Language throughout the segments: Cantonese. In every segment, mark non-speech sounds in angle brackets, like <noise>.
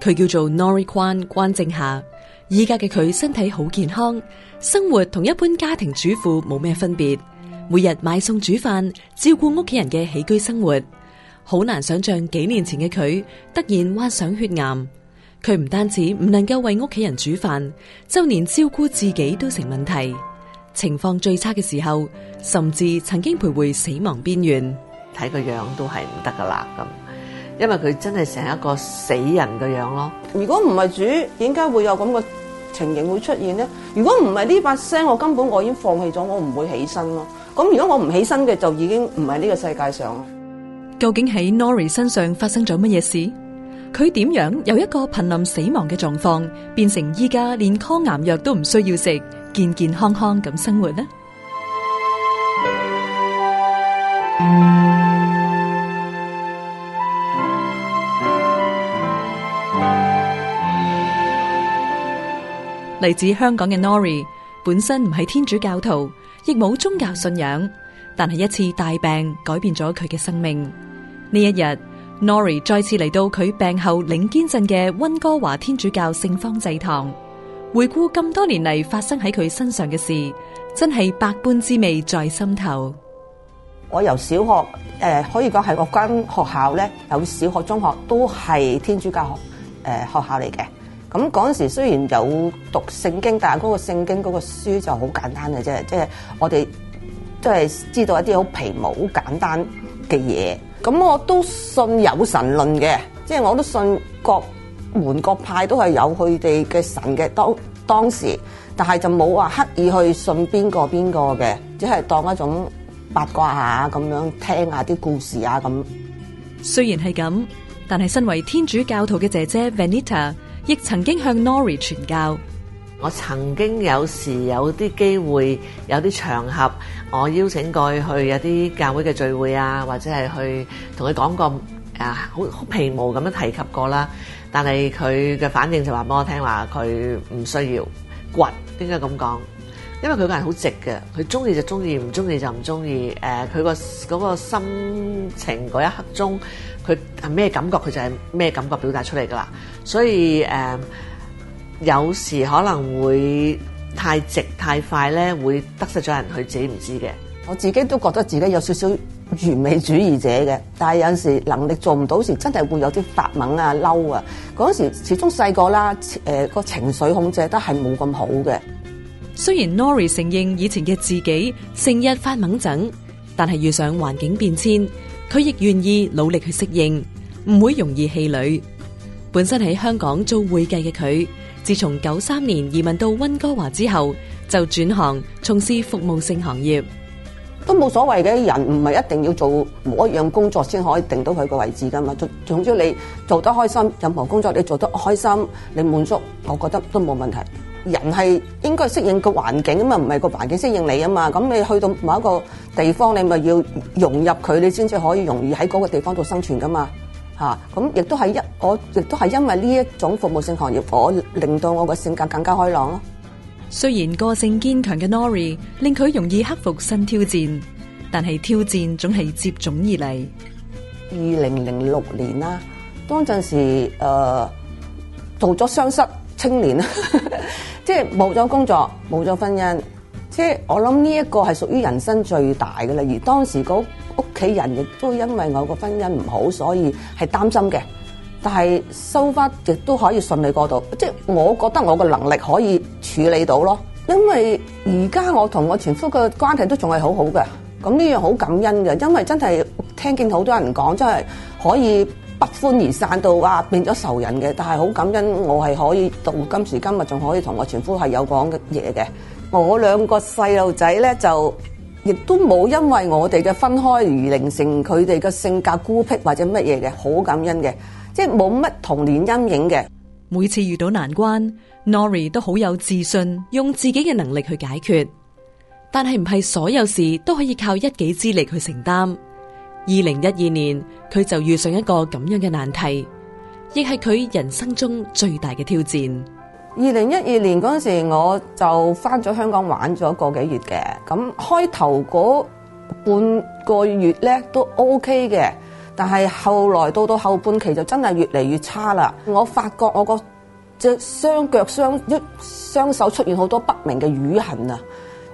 佢叫做 Nori Kwan，關正霞，依家嘅佢身體好健康，生活同一般家庭主婦冇咩分別，每日買餸煮飯，照顧屋企人嘅起居生活。好難想象幾年前嘅佢突然患上血癌，佢唔單止唔能夠為屋企人煮飯，就連照顧自己都成問題。情況最差嘅時候，甚至曾經徘徊死亡邊緣，睇個樣都係唔得噶啦咁，因為佢真係成一個死人嘅樣咯。如果唔係主，點解會有咁嘅情形會出現呢？如果唔係呢把聲，我根本我已經放棄咗，我唔會起身咯。咁如果我唔起身嘅，就已經唔係呢個世界上。究竟喺 Nori 身上發生咗乜嘢事？佢點樣由一個瀕臨死亡嘅狀況，變成依家連抗癌藥都唔需要食？健健康康咁生活啦！嚟自香港嘅 Nori 本身唔係天主教徒，亦冇宗教信仰，但係一次大病改變咗佢嘅生命。呢一日，Nori 再次嚟到佢病後領堅振嘅温哥華天主教聖方濟堂。回顧咁多年嚟發生喺佢身上嘅事，真係百般滋味在心頭。我由小學誒，可以講係我間學校咧，有小學、中學都係天主教學誒學校嚟嘅。咁嗰陣時雖然有讀聖經，但係嗰個聖經嗰個書就好簡單嘅啫，即係我哋都係知道一啲好皮毛、好簡單嘅嘢。咁我都信有神論嘅，即係我都信國。.門國派都係有佢哋嘅神嘅當當時，但係就冇話刻意去信邊個邊個嘅，只係當一種八卦，啊，這一下咁樣聽下啲故事啊。咁雖然係咁，但係身為天主教徒嘅姐姐 Vanita 亦曾經向 Nori 傳教。我曾經有時有啲機會有啲場合，我邀請過佢去有啲教會嘅聚會啊，或者係去同佢講過啊，好好皮毛咁樣提及過啦。但係佢嘅反應就話俾我聽話，佢唔需要掘，點解咁講，因為佢、呃、個人好直嘅，佢中意就中意，唔中意就唔中意。誒，佢個嗰個心情嗰一刻中，佢係咩感覺，佢就係咩感覺表達出嚟㗎啦。所以誒、呃，有時可能會太直太快咧，會得失咗人，佢自己唔知嘅。我自己都覺得自己有少少。完美主義者嘅，但係有時能力做唔到時，真係會有啲發忟啊、嬲啊！嗰時始終細個啦，個、呃、情緒控制得係冇咁好嘅。雖然 Nori 承認以前嘅自己成日發忟憎，但係遇上環境變遷，佢亦願意努力去適應，唔會容易氣餒。本身喺香港做會計嘅佢，自從九三年移民到溫哥華之後，就轉行從事服務性行業。都冇所謂嘅，人唔係一定要做某一樣工作先可以定到佢個位置噶嘛。總總之你做得開心，任何工作你做得開心，你滿足，我覺得都冇問題。人係應該適應個環境，啊嘛，唔係個環境適應你啊嘛。咁你去到某一個地方，你咪要融入佢，你先至可以容易喺嗰個地方度生存噶嘛。嚇、啊，咁亦都係一我亦都係因為呢一種服務性行業，我令到我個性格更加開朗咯。雖然個性堅強嘅 Nori 令佢容易克服新挑戰，但係挑戰總係接踵而嚟。二零零六年啦，當陣時誒做咗雙失青年呵呵即係冇咗工作，冇咗婚姻，即係我諗呢一個係屬於人生最大嘅啦。而當時屋企人亦都因為我個婚姻唔好，所以係擔心嘅。但係收翻亦都可以順利過度，即係我覺得我嘅能力可以處理到咯。因為而家我同我前夫嘅關係都仲係好好嘅，咁呢樣好感恩嘅。因為真係聽見好多人講，真係可以不歡而散到話變咗仇人嘅，但係好感恩我係可以到今時今日仲可以同我前夫係有講嘅嘢嘅。我兩個細路仔咧就亦都冇因為我哋嘅分開而形成佢哋嘅性格孤僻或者乜嘢嘅，好感恩嘅。即係冇乜童年陰影嘅，每次遇到難關，Nori 都好有自信，用自己嘅能力去解決。但係唔係所有事都可以靠一己之力去承擔。二零一二年，佢就遇上一個咁樣嘅難題，亦係佢人生中最大嘅挑戰。二零一二年嗰陣時，我就翻咗香港玩咗個幾月嘅，咁開頭嗰半個月咧都 OK 嘅。但係後來到到後半期就真係越嚟越差啦！我發覺我個隻雙腳雙一雙手出現好多不明嘅瘀痕啊！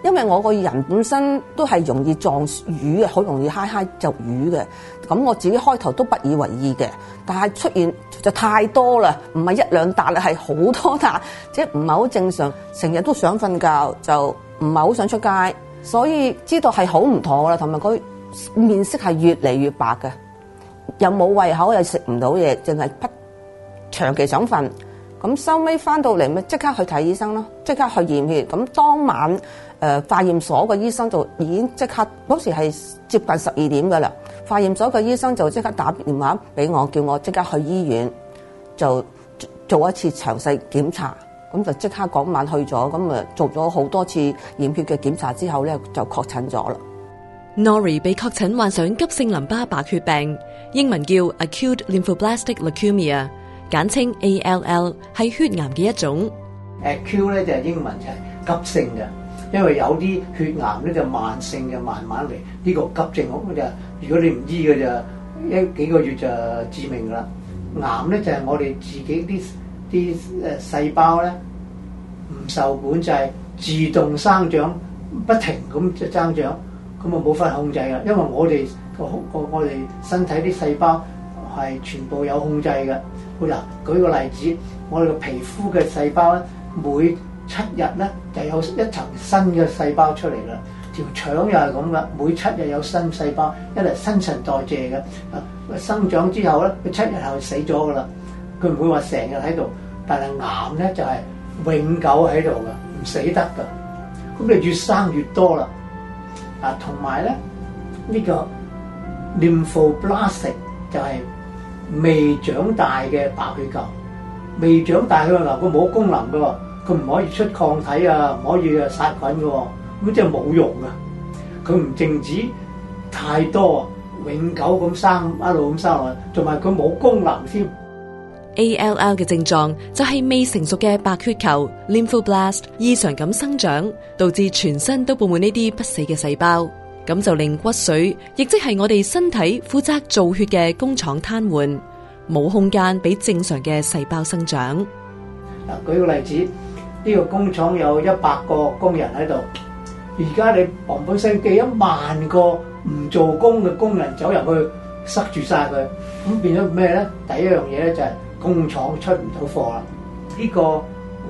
因為我個人本身都係容易撞瘀啊，好容易揩揩就瘀嘅。咁我自己開頭都不以為意嘅，但係出現就太多啦，唔係一兩笪啦，係好多笪，即係唔係好正常。成日都想瞓覺，就唔係好想出街，所以知道係好唔妥啦。同埋佢面色係越嚟越白嘅。又冇胃口，又食唔到嘢，淨係不長期想瞓。咁收尾翻到嚟咪即刻去睇醫生咯，即刻去驗血。咁當晚誒、呃、化驗所嘅醫生就已經即刻，當時係接近十二點噶啦。化驗所嘅醫生就即刻打電話俾我，叫我即刻去醫院就做一次詳細檢查。咁就即刻嗰晚去咗，咁啊做咗好多次驗血嘅檢查之後咧，就確診咗啦。Nori 被確診患上急性淋巴白血病，英文叫 acute lymphoblastic leukemia，簡稱 ALL，係血癌嘅一種。acute 咧就係英文就係急性嘅，因為有啲血癌咧就慢性嘅，慢慢嚟。呢、呢個急症屋哋就如果你唔醫嘅就一幾個月就致命噶啦。癌咧就係我哋自己啲啲誒細胞咧唔受管制，自動生長，不停咁就係增長。咁啊冇法控制㗎！因為我哋個個我哋身體啲細胞係全部有控制嘅。好啦，舉個例子，我哋個皮膚嘅細胞咧，每七日咧就有一層新嘅細胞出嚟啦。條腸又係咁噶，每七日有新細胞，一嚟新陳代謝嘅。生長之後咧，佢七日後死咗噶啦，佢唔會話成日喺度。但係癌咧就係永久喺度噶，唔死得噶。咁你越生越多啦。啊，同埋咧呢、呢個淋巴 blast 就係未長大嘅白血球，未長大血球嗱，佢冇功能嘅，佢唔可以出抗體啊，唔可以殺菌嘅，咁即係冇用啊！佢唔淨止太多，啊，永久咁生一路咁生落去，同埋佢冇功能先。ALL 嘅症狀就係未成熟嘅白血球 （lymphoblast） 異常咁生長，導致全身都布滿呢啲不死嘅細胞，咁就令骨髓，亦即係我哋身體負責造血嘅工廠癱瘓，冇空間俾正常嘅細胞生長。嗱，舉個例子，呢個工廠有一百個工人喺度，而家你砰砰聲寄一萬個唔做工嘅工人走入去塞住晒佢，咁變咗咩咧？第一樣嘢咧就係。工廠出唔到貨啦！呢個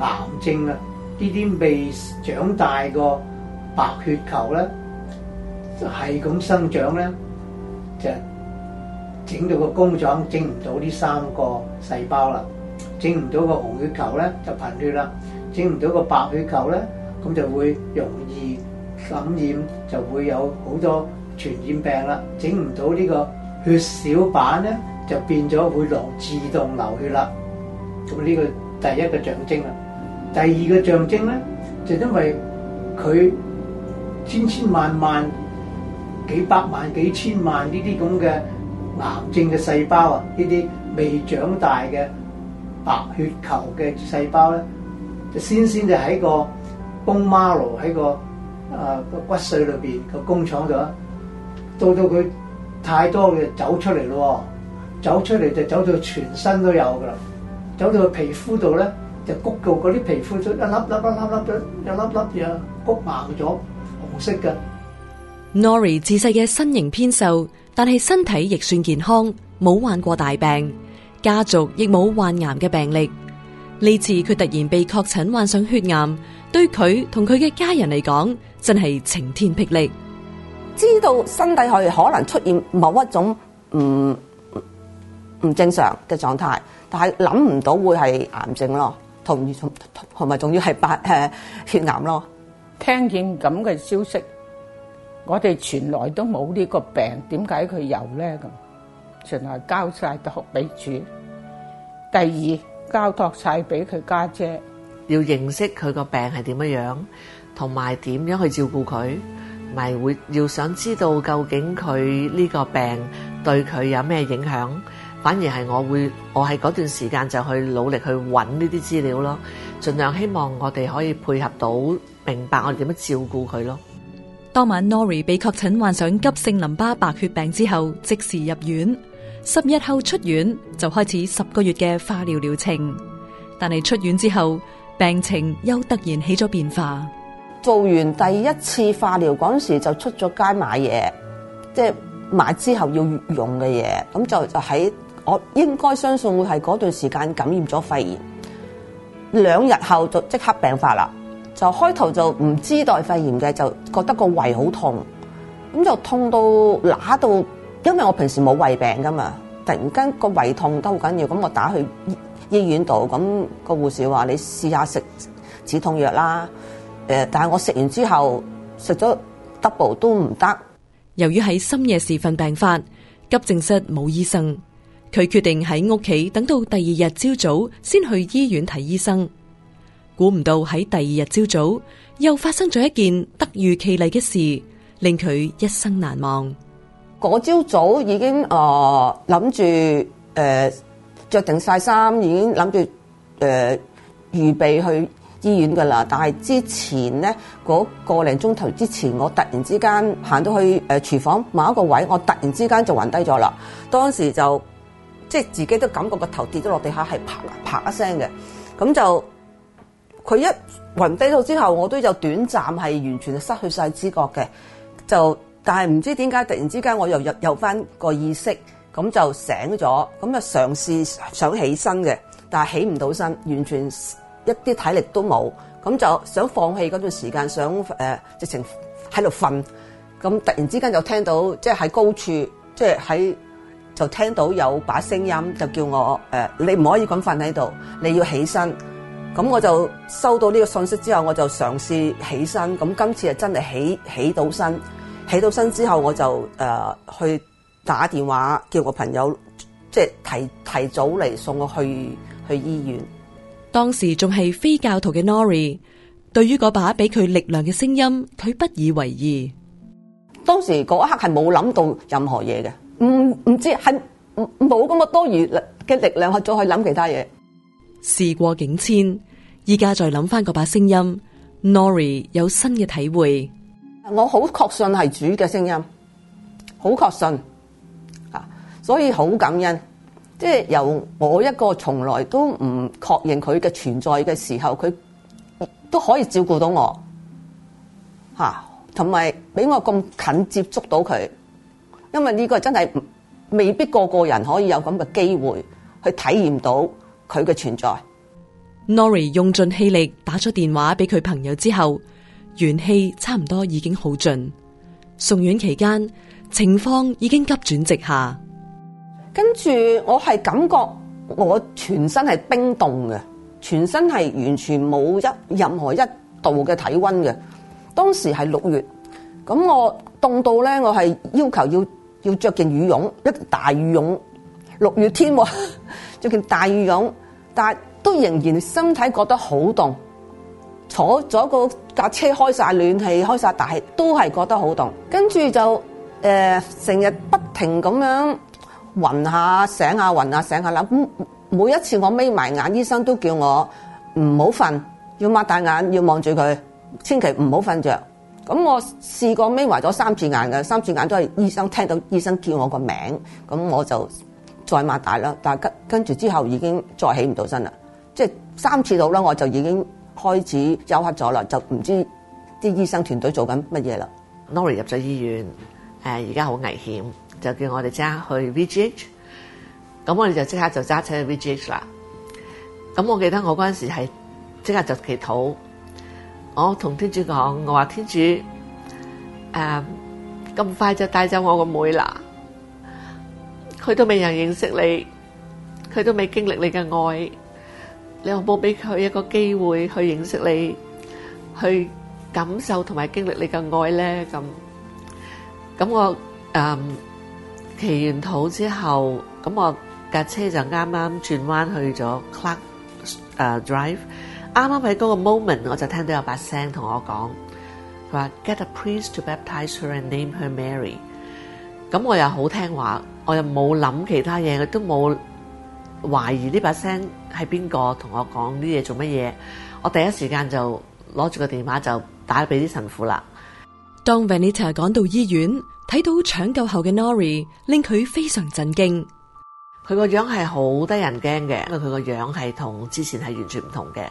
癌症啊，呢啲未長大個白血球咧，就係咁生長咧，就整到個工廠整唔到呢三個細胞啦，整唔到個紅血球咧就貧血啦，整唔到個白血球咧，咁就會容易感染，染，就會有好多傳染病啦，整唔到呢個血小板咧。就變咗會流自動流血啦，咁呢個第一個象徵啦。第二個象徵咧，就因為佢千千萬萬幾百萬幾千萬呢啲咁嘅癌症嘅細胞啊，呢啲未長大嘅白血球嘅細胞咧，先先就喺個供馬路喺個誒、呃、個骨髓裏邊個工廠度，啊，到到佢太多嘅走出嚟咯。走出嚟就走到全身都有噶啦，走到個皮膚度咧，就谷到嗰啲皮膚出一粒粒粒粒粒一粒粒又谷硬咗，紅色噶。Nori 自細嘅身形偏瘦，但係身體亦算健康，冇患過大病，家族亦冇患癌嘅病歷。呢次佢突然被確診患上血癌，對佢同佢嘅家人嚟講，真係晴天霹靂。知道身體可以可能出現某一種嗯。唔正常嘅狀態，但係諗唔到會係癌症咯，同同埋仲要係白誒血癌咯。聽見咁嘅消息，我哋全來都冇呢個病，點解佢有咧咁？全來交晒託俾主，第二交託晒俾佢家姐。要認識佢個病係點樣，同埋點樣去照顧佢，咪會要想知道究竟佢呢個病對佢有咩影響？反而係我會，我係嗰段時間就去努力去揾呢啲資料咯，盡量希望我哋可以配合到，明白我哋點樣照顧佢咯。當晚 Nori 被確診患上急性淋巴白血病之後，即時入院，十日後出院就開始十個月嘅化療療程，但係出院之後病情又突然起咗變化。做完第一次化療嗰陣時就出咗街買嘢，即係買之後要用嘅嘢，咁就就喺。我應該相信會係嗰段時間感染咗肺炎，兩日後就即刻病發啦。就開頭就唔知待肺炎嘅，就覺得個胃好痛，咁就痛到乸到，因為我平時冇胃病噶嘛。突然間個胃痛都好緊要，咁我打去醫院度，咁個護士話你試下食止痛藥啦。誒，但係我食完之後食咗 double 都唔得。由於喺深夜時份病發，急症室冇醫生。佢決定喺屋企等到第二日朝早先去醫院睇醫生，估唔到喺第二日朝早又發生咗一件突如其來嘅事，令佢一生難忘。嗰朝早已經誒，諗住誒，着定晒衫，已經諗住誒，預備去醫院噶啦。但係之前咧嗰個零鐘頭之前，我突然之間行到去誒，廚房某一個位，我突然之間就暈低咗啦。當時就。即係自己都感覺個頭跌咗落地下係啪啪一聲嘅，咁就佢一暈低咗之後，我都有短暫係完全失去晒知覺嘅，就但係唔知點解突然之間我又又有翻個意識，咁就醒咗，咁啊嘗試想起身嘅，但係起唔到身，完全一啲體力都冇，咁就想放棄嗰段時間，想誒、呃、直情喺度瞓，咁突然之間就聽到即係喺高處，即係喺。就聽到有把聲音，就叫我、呃、你唔可以咁瞓喺度，你要起身。咁我就收到呢個信息之後，我就嘗試起身。咁今次係真係起起到身，起到身之後，我就、呃、去打電話叫我朋友，即係提提早嚟送我去去醫院。當時仲係非教徒嘅 Nori，對於嗰把俾佢力量嘅聲音，佢不以為意。當時嗰一刻係冇諗到任何嘢嘅。唔唔知係冇咁嘅，多餘嘅力量去再去諗其他嘢。事過境遷，依家再諗翻嗰把聲音，Nori 有新嘅體會。我好確信係主嘅聲音，好確信啊！所以好感恩，即係由我一個從來都唔確認佢嘅存在嘅時候，佢都可以照顧到我，吓，同埋俾我咁近接觸到佢。因為呢個真係未必個個人可以有咁嘅機會去體驗到佢嘅存在。Nori 用盡氣力打咗電話俾佢朋友之後，元氣差唔多已經耗盡。送院期間，情況已經急轉直下。跟住我係感覺我全身係冰凍嘅，全身係完全冇一任何一度嘅體溫嘅。當時係六月，咁我凍到呢，我係要求要。要着件羽絨，一大羽絨，六月天喎，啊，著件大羽絨，但係都仍然身體覺得好凍，坐咗個架車開晒暖氣，開晒大氣，都係覺得好凍。跟住就誒，成、呃、日不停咁樣暈下醒下暈下醒下，諗每一次我眯埋眼，醫生都叫我唔好瞓，要擘大眼，要望住佢，千祈唔好瞓着。咁我試過眯埋咗三次眼嘅，三次眼都係醫生聽到醫生叫我個名，咁我就再擘大啦。但係跟跟住之後已經再起唔到身啦，即係三次到啦，我就已經開始休克咗啦，就唔知啲醫生團隊做緊乜嘢啦。Nori 入咗醫院，誒而家好危險，就叫我哋即刻去 VGH，咁我哋就即刻就揸車去 VGH 啦。咁我記得我嗰陣時係即刻就祈禱。我同天主講，我話天主，誒咁快就帶走我個妹啦！佢都未有人認識你，佢都未經歷你嘅愛，你可唔可俾佢一個機會去認識你，去感受同埋經歷你嘅愛咧？咁咁我誒祈完禱之後，咁我架車就啱啱轉彎去咗 Clark 誒 Drive。啱啱喺嗰個 moment，我就聽到有一把聲同我講，佢話 get a priest to baptize her and name her Mary。咁我又好聽話，我又冇諗其他嘢，佢都冇懷疑呢把聲係邊個同我講啲嘢做乜嘢。我第一時間就攞住個電話就打俾啲神父啦。當 Vanita 趕到醫院，睇到搶救後嘅 Nori，令佢非常震驚。佢個樣係好得人驚嘅，因為佢個樣係同之前係完全唔同嘅。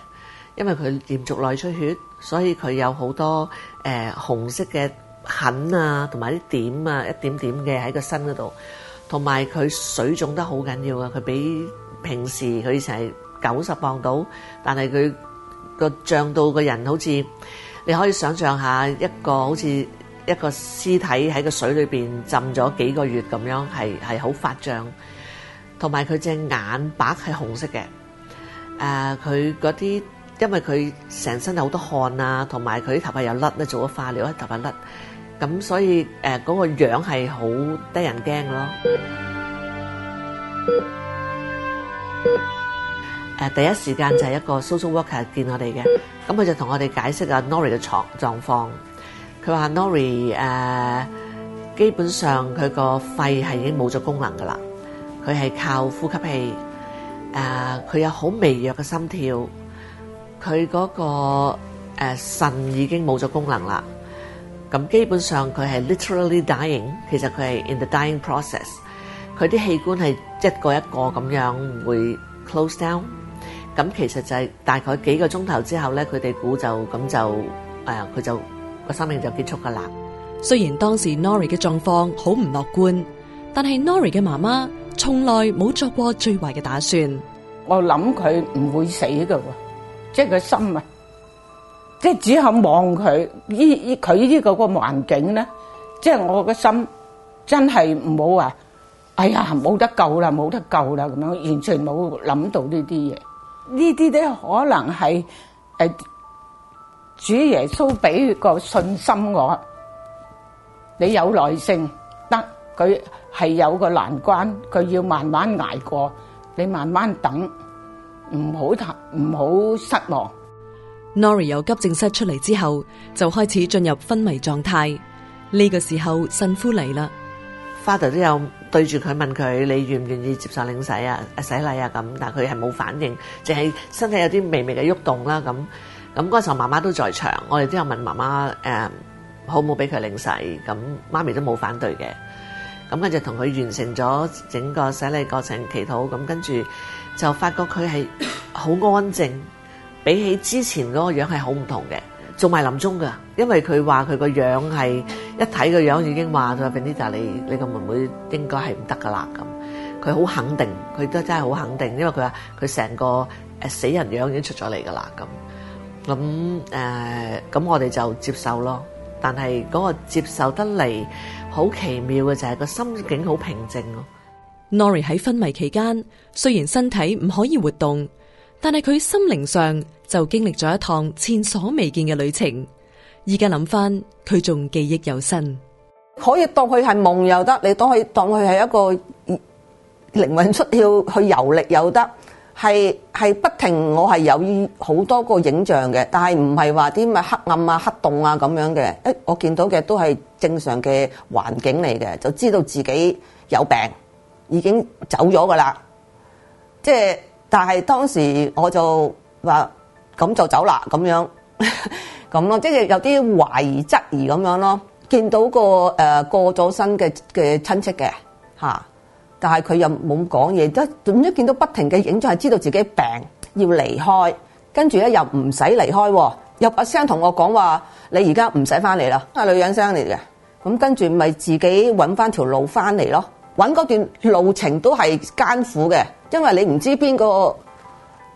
因為佢嚴重內出血，所以佢有好多誒紅色嘅痕啊，同埋啲點啊，一點點嘅喺個身嗰度，同埋佢水腫得好緊要啊！佢比平時佢以前係九十磅到，但係佢個脹到個人好似你可以想象下，一個好似一個屍體喺個水裏邊浸咗幾個月咁樣，係係好發脹，同埋佢隻眼白係紅色嘅，誒佢嗰啲。因為佢成身有好多汗啊，同埋佢頭髮又甩咧，做咗化療，頭髮甩，咁所以誒嗰個樣係好得人驚嘅咯。誒第一時間就係一個 social worker 見我哋嘅，咁佢就同我哋解釋阿 Nori 嘅狀狀況。佢話 Nori 誒基本上佢個肺係已經冇咗功能㗎喇，佢係靠呼吸器，誒佢有好微弱嘅心跳。佢嗰個誒腎已經冇咗功能啦，咁基本上佢係 literally dying，其實佢係 in the dying process，佢啲器官係一個一個咁樣會 close down，咁其實就係大概幾個鐘頭之後咧，佢哋估就咁就誒佢就個生命就結束噶啦。雖然當時 Nori 嘅狀況好唔樂觀，但係 Nori 嘅媽媽從來冇作過最壞嘅打算。我諗佢唔會死噶喎。即係個心啊！即係只肯望佢依依佢呢個個環境咧，即係我個心真係唔好話！哎呀，冇得救啦，冇得救啦！咁樣完全冇諗到呢啲嘢，呢啲都可能係誒主耶穌俾個信心我，你有耐性得佢係有個難關，佢要慢慢挨過，你慢慢等。唔好嘆，唔好失望。Nori 由急症室出嚟之後，就開始進入昏迷狀態。呢個時候，神父嚟啦，Father 都有對住佢問佢：你願唔願意接受領洗啊、洗禮啊？咁但係佢係冇反應，淨係身體有啲微微嘅喐動啦。咁咁嗰時候，媽媽都在場，我哋都有問媽媽：誒、嗯，好唔好俾佢領洗？咁媽咪都冇反對嘅。咁跟住就同佢完成咗整個洗禮過程祈禱，咁跟住就發覺佢係好安靜，比起之前嗰個樣係好唔同嘅，仲埋臨終噶，因為佢話佢個樣係一睇個樣已經話咗 Benita 你你個妹妹應該係唔得噶啦咁，佢好肯定，佢都真係好肯定，因為佢話佢成個誒死人樣已經出咗嚟噶啦咁，咁誒咁我哋就接受咯。但係嗰個接受得嚟，好奇妙嘅就係個心境好平靜咯。Nori 喺昏迷期間，雖然身體唔可以活動，但係佢心靈上就經歷咗一趟前所未見嘅旅程。而家諗翻，佢仲記憶猶新，可以當佢係夢又得，你當佢當佢係一個靈魂出竅去遊歷又得。係係不停，我係有好多個影像嘅，但係唔係話啲咩黑暗啊、黑洞啊咁樣嘅。誒，我見到嘅都係正常嘅環境嚟嘅，就知道自己有病，已經走咗㗎喇。即、就、係、是，但係當時我就話咁就走啦，咁樣咁咯，即係、就是、有啲懷疑、質疑咁樣咯。見到個誒、呃、過咗身嘅嘅親戚嘅嚇。但係佢又冇講嘢，都點都見到不停嘅影像，係知道自己病要離開，跟住咧又唔使離開，入把聲同我講話：你而家唔使翻嚟啦，係女人聲嚟嘅。咁跟住咪自己揾翻條路翻嚟咯，揾嗰段路程都係艱苦嘅，因為你唔知邊個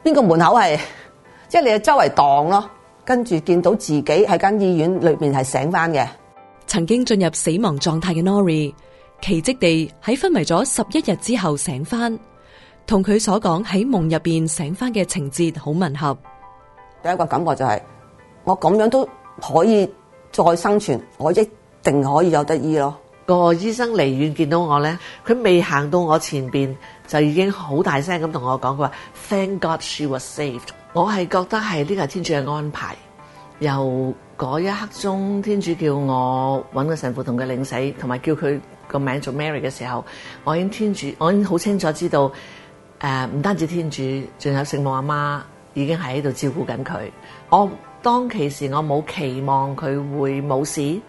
邊個門口係，即係你喺周圍蕩咯，跟住見到自己喺間醫院裏面係醒翻嘅，曾經進入死亡狀態嘅 Nori。奇跡地喺昏迷咗十一日之後醒翻，同佢所講喺夢入邊醒翻嘅情節好吻合。第一個感覺就係、是、我咁樣都可以再生存，我一定可以有得醫咯。個醫生離遠見到我咧，佢未行到我前邊就已經好大聲咁同我講，佢話 Thank God she was saved。我係覺得係呢個天主嘅安排。由嗰一刻中，天主叫我揾個神父同佢領洗，同埋叫佢。個名做 Mary 嘅時候，我已經天主，我已經好清楚知道，誒、呃，唔單止天主，仲有聖母阿媽已經喺度照顧緊佢。我當其時我冇期望佢會冇事，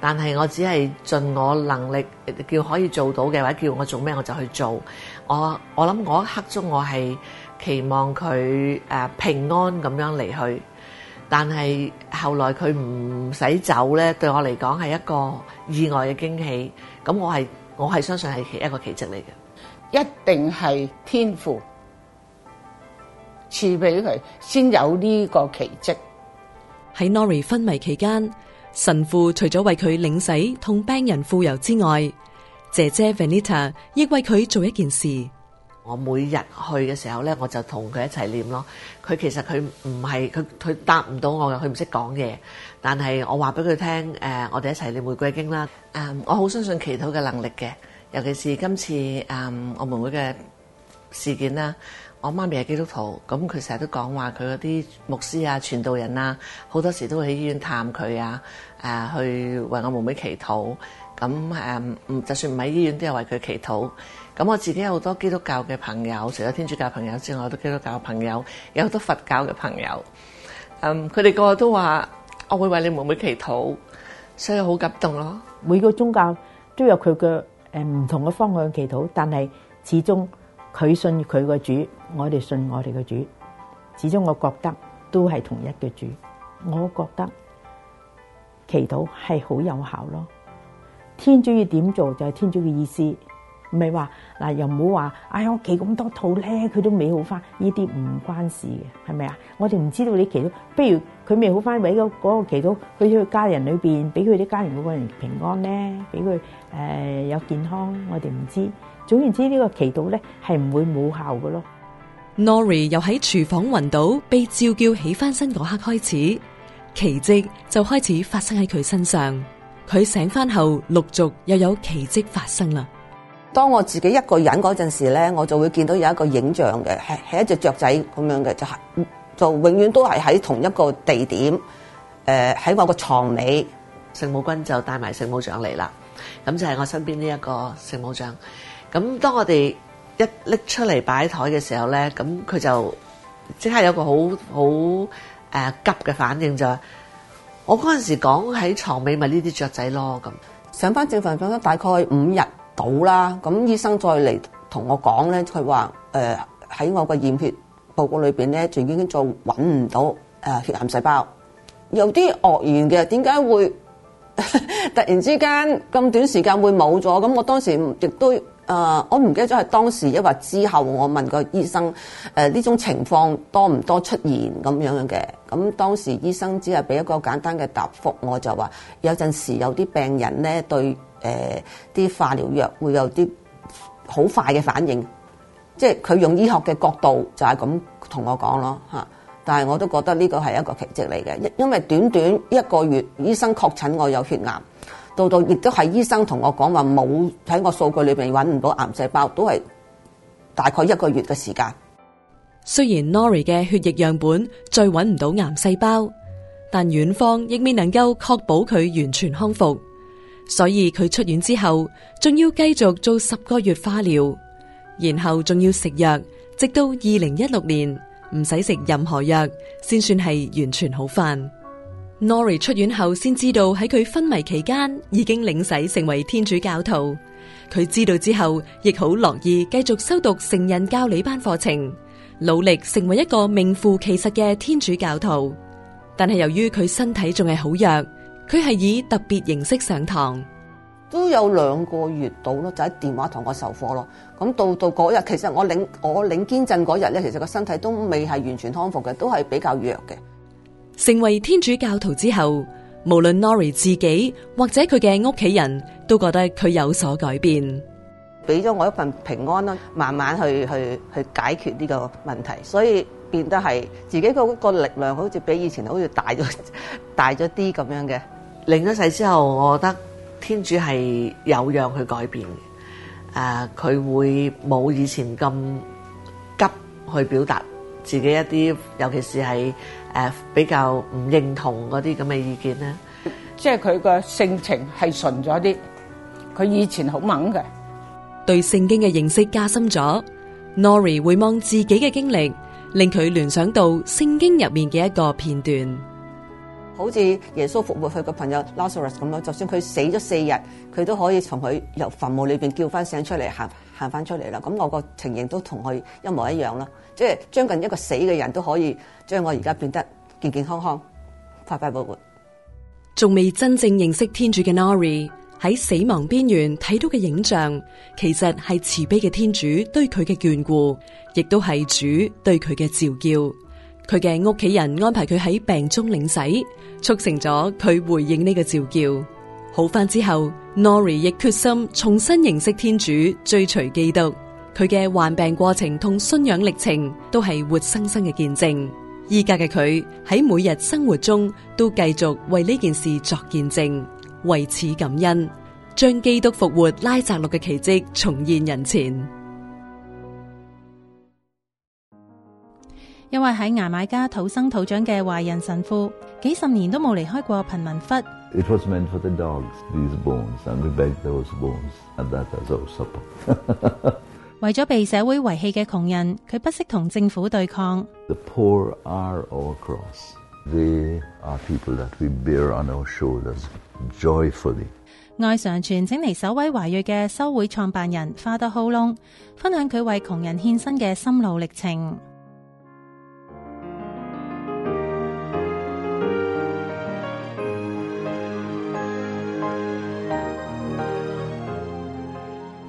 但係我只係盡我能力叫可以做到嘅話，或者叫我做咩我就去做。我我諗我一刻鐘我係期望佢誒、呃、平安咁樣離去，但係後來佢唔使走咧，對我嚟講係一個意外嘅驚喜。咁我係我係相信係其一個奇迹嚟嘅，一定係天父賜俾佢先有呢個奇迹。喺 Nori 昏迷期間，神父除咗為佢領洗，同病人傅油之外，姐姐 Venita 亦為佢做一件事。我每日去嘅時候咧，我就同佢一齊念咯。佢其實佢唔係佢佢答唔到我嘅，佢唔識講嘢。但係我話俾佢聽，誒，我哋一齊念玫瑰經啦。嗯，我好相信祈禱嘅能力嘅，尤其是今次嗯我妹妹嘅事件啦。我媽咪係基督徒，咁佢成日都講話佢嗰啲牧師啊、傳道人啊，好多時都會喺醫院探佢啊，去為我妹妹祈禱。咁誒、唔、嗯、就算唔喺醫院，都有為佢祈禱。咁、嗯、我自己有好多基督教嘅朋友，除咗天主教朋友之外，有好多基督教嘅朋友，有好多佛教嘅朋友。嗯，佢哋個個都話，我會為你妹妹祈禱，所以好感動咯。每個宗教都有佢嘅誒唔同嘅方向祈禱，但係始終佢信佢嘅主，我哋信我哋嘅主，始終我覺得都係同一嘅主。我覺得祈禱係好有效咯。天主要點做就係天主嘅意思，唔係話嗱又唔好話，哎呀我祈咁多套咧，佢都未好翻，呢啲唔關事嘅，係咪啊？我哋唔知道你祈禱，不如佢未好翻，喺嗰嗰個祈禱，佢佢家人裏邊，俾佢啲家人嗰個人平安咧，俾佢誒有健康，我哋唔知。總言之，呢個祈禱咧係唔會冇效嘅咯。Nori 又喺廚房暈倒被召叫起翻身嗰刻開始，奇蹟就開始發生喺佢身上。佢醒翻後陸續又有奇蹟發生啦。當我自己一個人嗰陣時咧，我就會見到有一個影像嘅，係係一隻雀仔咁樣嘅，就係就永遠都係喺同一個地點。誒、呃，喺我個床尾，聖母軍就帶埋聖母像嚟啦。咁就係我身邊呢一個聖母像。咁當我哋一拎出嚟擺台嘅時候咧，咁佢就即刻有一個好好誒急嘅反應就係。我嗰陣時講喺床尾咪呢啲雀仔咯。咁，上返正瞓瞓咗大概五日到啦，咁醫生再嚟同我講咧，佢話喺我個驗血報告裏呢，咧，就已經再揾唔到、呃、血癌細胞，有啲愕然嘅，點解會呵呵突然之間咁短時間會冇咗？咁我當時亦都啊！我唔記得咗係當時，抑或之後，我問個醫生，誒、呃、呢種情況多唔多出現咁樣樣嘅？咁當時醫生只係俾一個簡單嘅答覆，我就話有陣時有啲病人呢，對誒啲、呃、化療藥會有啲好快嘅反應，即係佢用醫學嘅角度就係咁同我講咯嚇。但係我都覺得呢個係一個奇蹟嚟嘅，因因為短短一個月，醫生確診我有血癌。到到亦都係醫生同我講話冇，喺我數據裏邊揾唔到癌細胞，都係大概一個月嘅時間。雖然 Nori 嘅血液樣本再揾唔到癌細胞，但院方亦未能夠確保佢完全康復，所以佢出院之後仲要繼續做十個月化療，然後仲要食藥，直到二零一六年唔使食任何藥先算係完全好返。Nore 出院後，先知道喺佢昏迷期間已經領洗成為天主教徒。佢知道之後，亦好樂意繼續修讀成人教理班課程，努力成為一個名副其實嘅天主教徒。但係由於佢身體仲係好弱，佢係以特別形式上堂，都有兩個月到咯，就喺電話同我授課咯。咁到到嗰日，其實我領我領堅振嗰日咧，其實個身體都未係完全康復嘅，都係比較弱嘅。成為天主教徒之後，無論 Nori 自己或者佢嘅屋企人都覺得佢有所改變，俾咗我一份平安啦。慢慢去去去解決呢個問題，所以變得係自己個力量好似比以前好似大咗大咗啲咁樣嘅。領咗洗之後，我覺得天主係有樣去改變嘅。誒、呃，佢會冇以前咁急去表達自己一啲，尤其是係。誒比較唔認同嗰啲咁嘅意見咧，即係佢個性情係純咗啲，佢以前好猛嘅，對聖經嘅認識加深咗。Nori 回望自己嘅經歷，令佢聯想到聖經入面嘅一個片段。好似耶穌復活佢個朋友 Lazarus 咁咯，就算佢死咗四日，佢都可以從佢由墳墓裏面叫翻醒出嚟，行行翻出嚟啦。咁我個情形都同佢一模一樣啦，即係將近一個死嘅人都可以將我而家變得健健康康、快快活活。仲未真正認識天主嘅 Nori 喺死亡邊緣睇到嘅影像，其實係慈悲嘅天主對佢嘅眷顧，亦都係主對佢嘅召叫。佢嘅屋企人安排佢喺病中領洗，促成咗佢回應呢個召叫。好翻之後，norie 亦決心重新認識天主，追隨基督。佢嘅患病過程同信仰歷程都係活生生嘅見證。依家嘅佢喺每日生活中都繼續為呢件事作見證，為此感恩，將基督復活拉扎洛嘅奇蹟重現人前。因為喺牙買加土生土長嘅華人神父，幾十年都冇離開過貧民窟。The <laughs> 為咗被社會遺棄嘅窮人，佢不惜同政府對抗。愛上傳，請嚟首位華裔嘅修會創辦人 Father Ho Lung，on，分享佢為窮人獻身嘅心路歷程。